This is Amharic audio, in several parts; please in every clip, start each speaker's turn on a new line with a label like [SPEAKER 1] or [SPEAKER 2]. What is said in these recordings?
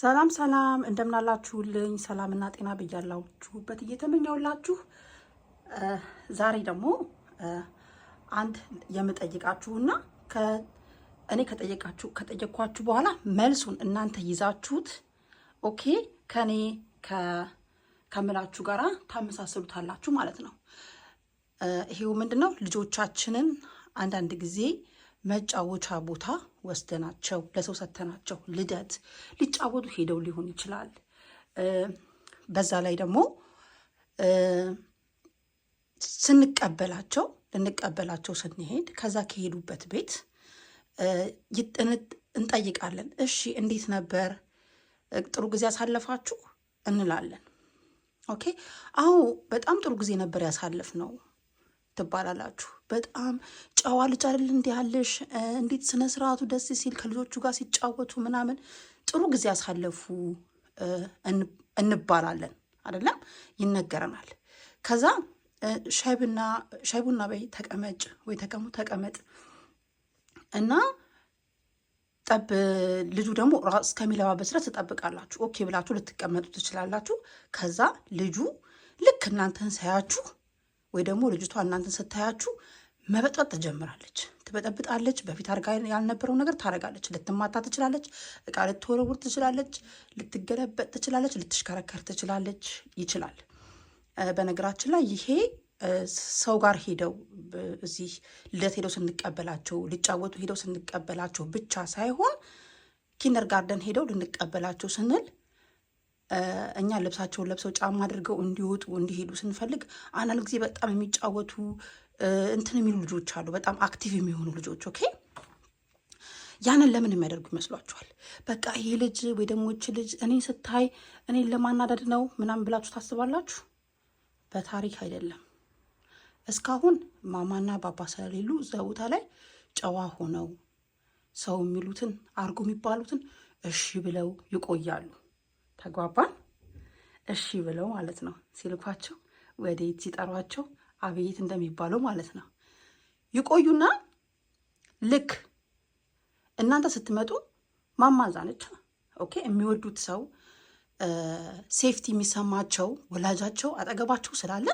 [SPEAKER 1] ሰላም ሰላም እንደምናላችሁልኝ ሰላምና ጤና ብያላችሁበት እየተመኘውላችሁ ዛሬ ደግሞ አንድ የምጠይቃችሁና እኔ ከጠየቃችሁ ከጠየኳችሁ በኋላ መልሱን እናንተ ይዛችሁት ኦኬ ከኔ ከምላችሁ ጋራ ታመሳሰሉታላችሁ ማለት ነው። ይሄው ምንድን ነው ልጆቻችንን አንዳንድ ጊዜ መጫወቻ ቦታ ወስደናቸው ለሰው ሰተናቸው ልደት ሊጫወቱ ሄደው ሊሆን ይችላል። በዛ ላይ ደግሞ ስንቀበላቸው ልንቀበላቸው ስንሄድ ከዛ ከሄዱበት ቤት እንጠይቃለን። እሺ እንዴት ነበር? ጥሩ ጊዜ ያሳለፋችሁ እንላለን። ኦኬ፣ አዎ በጣም ጥሩ ጊዜ ነበር ያሳለፍ ነው ትባላላችሁ። በጣም ጨዋ ልጅ አይደል እንዲ ያለሽ እንዴት ስነ ስርዓቱ ደስ ሲል ከልጆቹ ጋር ሲጫወቱ ምናምን ጥሩ ጊዜ ያሳለፉ እንባላለን አይደለም፣ ይነገረናል። ከዛ ሻይብና ሻይቡና በይ ተቀመጭ ወይ ተቀሙ ተቀመጥ እና ጠብ ልጁ ደግሞ ራስ እስከሚለባበስ ድረስ ትጠብቃላችሁ። ኦኬ ብላችሁ ልትቀመጡ ትችላላችሁ። ከዛ ልጁ ልክ እናንተን ሳያችሁ ወይ ደግሞ ልጅቷ እናንተን ስታያችሁ መበጥበጥ ትጀምራለች፣ ትበጠብጣለች። በፊት አድርጋ ያልነበረው ነገር ታረጋለች። ልትማታ ትችላለች፣ እቃ ልትወረውር ትችላለች፣ ልትገለበጥ ትችላለች፣ ልትሽከረከር ትችላለች። ይችላል። በነገራችን ላይ ይሄ ሰው ጋር ሄደው እዚህ ልደት ሄደው ስንቀበላቸው ሊጫወቱ ሄደው ስንቀበላቸው ብቻ ሳይሆን ኪንደርጋርደን ሄደው ልንቀበላቸው ስንል እኛ ልብሳቸውን ለብሰው ጫማ አድርገው እንዲወጡ እንዲሄዱ ስንፈልግ አንዳንድ ጊዜ በጣም የሚጫወቱ እንትን የሚሉ ልጆች አሉ። በጣም አክቲቭ የሚሆኑ ልጆች ኦኬ። ያንን ለምን የሚያደርጉ ይመስሏችኋል? በቃ ይሄ ልጅ ወይ ደግሞ ይች ልጅ እኔ ስታይ እኔን ለማናደድ ነው ምናምን ብላችሁ ታስባላችሁ። በታሪክ አይደለም። እስካሁን ማማና ባባ ስለሌሉ እዛ ቦታ ላይ ጨዋ ሆነው ሰው የሚሉትን አርጎ የሚባሉትን እሺ ብለው ይቆያሉ። ተጓባን እሺ ብለው ማለት ነው ሲልኳቸው ወዴት ሲጠሯቸው አቤት እንደሚባለው ማለት ነው ይቆዩና ልክ እናንተ ስትመጡ ማማዛነች ኦኬ የሚወዱት ሰው ሴፍቲ የሚሰማቸው ወላጃቸው አጠገባቸው ስላለ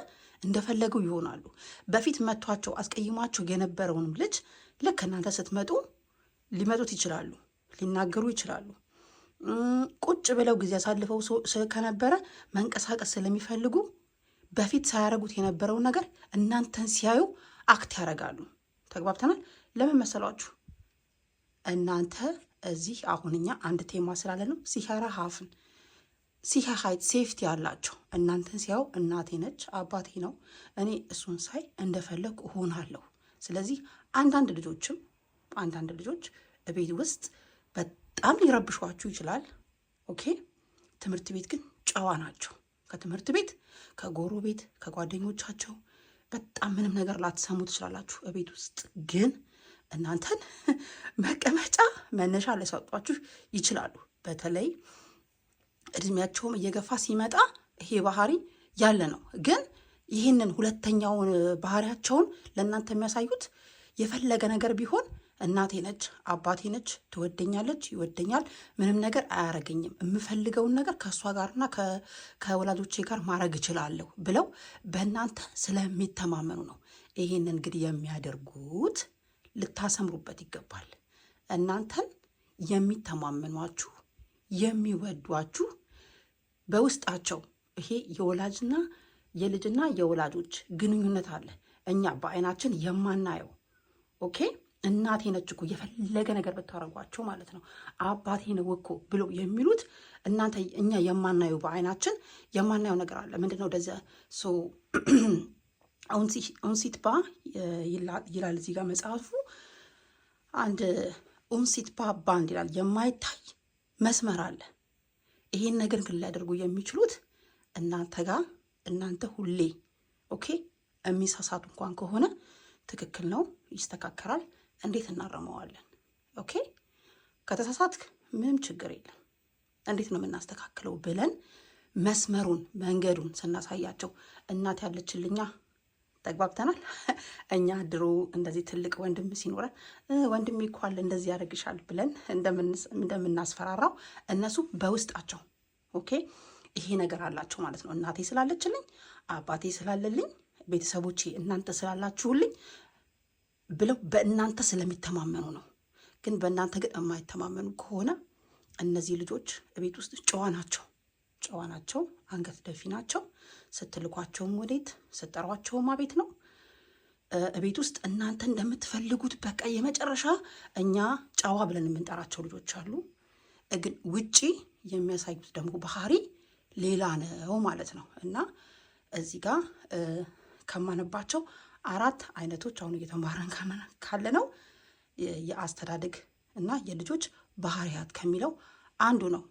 [SPEAKER 1] እንደፈለጉ ይሆናሉ። በፊት መቷቸው አስቀይማቸው የነበረውንም ልጅ ልክ እናንተ ስትመጡ ሊመጡት ይችላሉ፣ ሊናገሩ ይችላሉ። ቁጭ ብለው ጊዜ አሳልፈው ከነበረ መንቀሳቀስ ስለሚፈልጉ በፊት ሳያረጉት የነበረውን ነገር እናንተን ሲያዩ አክት ያደርጋሉ። ተግባብተናል። ለምን መሰሏችሁ? እናንተ እዚህ አሁን እኛ አንድ ቴማ ስላለ ነው። ሲሄራ ሀፍን ሲሄሀይት ሴፍቲ ያላቸው እናንተን ሲያው እናቴ ነች አባቴ ነው እኔ እሱን ሳይ እንደፈለግ እሆናለሁ። ስለዚህ አንዳንድ ልጆችም አንዳንድ ልጆች ቤት ውስጥ በጣም ሊረብሿችሁ ይችላል። ኦኬ። ትምህርት ቤት ግን ጨዋ ናቸው። ከትምህርት ቤት ከጎሮ ቤት ከጓደኞቻቸው በጣም ምንም ነገር ላትሰሙ ትችላላችሁ። እቤት ውስጥ ግን እናንተን መቀመጫ መነሻ ሊሰጧችሁ ይችላሉ። በተለይ እድሜያቸውም እየገፋ ሲመጣ ይሄ ባህሪ ያለ ነው። ግን ይህንን ሁለተኛውን ባህሪያቸውን ለእናንተ የሚያሳዩት የፈለገ ነገር ቢሆን እናቴ ነች፣ አባቴ ነች፣ ትወደኛለች፣ ይወደኛል። ምንም ነገር አያረገኝም። የምፈልገውን ነገር ከእሷ ጋርና ከወላጆቼ ጋር ማድረግ እችላለሁ ብለው በእናንተ ስለሚተማመኑ ነው። ይሄን እንግዲህ የሚያደርጉት ልታሰምሩበት ይገባል። እናንተን የሚተማመኗችሁ የሚወዷችሁ በውስጣቸው ይሄ የወላጅና የልጅና የወላጆች ግንኙነት አለ። እኛ በአይናችን የማናየው ኦኬ እናቴ ነች እኮ የፈለገ ነገር ብታረጓቸው ማለት ነው አባቴ ነው እኮ ብሎ የሚሉት እናንተ እኛ የማናየው በአይናችን የማናየው ነገር አለ። ምንድን ነው ወደዚያ ኡንሲት ባ ይላል እዚህ ጋር መጽሐፉ አንድ ኡንሲት ባ ባንድ ይላል የማይታይ መስመር አለ። ይሄን ነገር ግን ሊያደርጉ የሚችሉት እናንተ ጋር እናንተ ሁሌ ኦኬ የሚሳሳቱ እንኳን ከሆነ ትክክል ነው፣ ይስተካከላል። እንዴት እናረመዋለን? ኦኬ ከተሳሳትክ ምንም ችግር የለም እንዴት ነው የምናስተካክለው ብለን መስመሩን መንገዱን ስናሳያቸው እናት ያለችልኛ ተግባብተናል። እኛ ድሮ እንደዚህ ትልቅ ወንድም ሲኖረን ወንድም ይኳል እንደዚህ ያደርግሻል ብለን እንደምናስፈራራው እነሱ በውስጣቸው ኦኬ ይሄ ነገር አላቸው ማለት ነው። እናቴ ስላለችልኝ አባቴ ስላለልኝ ቤተሰቦቼ እናንተ ስላላችሁልኝ ብለው በእናንተ ስለሚተማመኑ ነው። ግን በእናንተ ግን የማይተማመኑ ከሆነ እነዚህ ልጆች ቤት ውስጥ ጨዋ ናቸው፣ ጨዋ ናቸው፣ አንገት ደፊ ናቸው። ስትልኳቸውም ወዴት ስጠሯቸውም አቤት ነው። ቤት ውስጥ እናንተ እንደምትፈልጉት በቃ የመጨረሻ እኛ ጨዋ ብለን የምንጠራቸው ልጆች አሉ። ግን ውጪ የሚያሳዩት ደግሞ ባህሪ ሌላ ነው ማለት ነው እና እዚህ ጋር ከማነባቸው አራት አይነቶች አሁን እየተማረን ካለ ነው የአስተዳደግ እና የልጆች ባህሪያት ከሚለው አንዱ ነው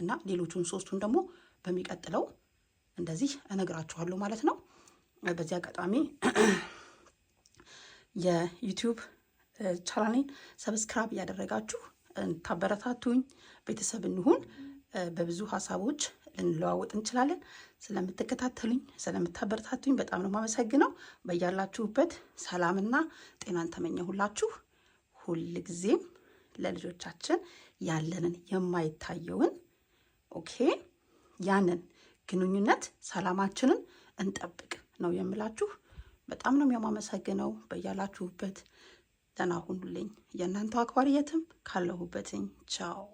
[SPEAKER 1] እና ሌሎቹን ሶስቱን ደግሞ በሚቀጥለው እንደዚህ እነግራችኋለሁ ማለት ነው። በዚህ አጋጣሚ የዩቲዩብ ቻናሌን ሰብስክራይብ እያደረጋችሁ ታበረታቱኝ፣ ቤተሰብ እንሁን። በብዙ ሀሳቦች ልንለዋወጥ እንችላለን። ስለምትከታተሉኝ ስለምታበረታቱኝ በጣም ነው የማመሰግነው። በያላችሁበት ሰላምና ጤናን ተመኘሁላችሁ። ሁል ጊዜም ለልጆቻችን ያለንን የማይታየውን ኦኬ ያንን ግንኙነት ሰላማችንን እንጠብቅ ነው የምላችሁ። በጣም ነው የማመሰግነው። በያላችሁበት ደህና ሁኑልኝ። የእናንተው አክባሪ የትም ካለሁበትኝ ቻው።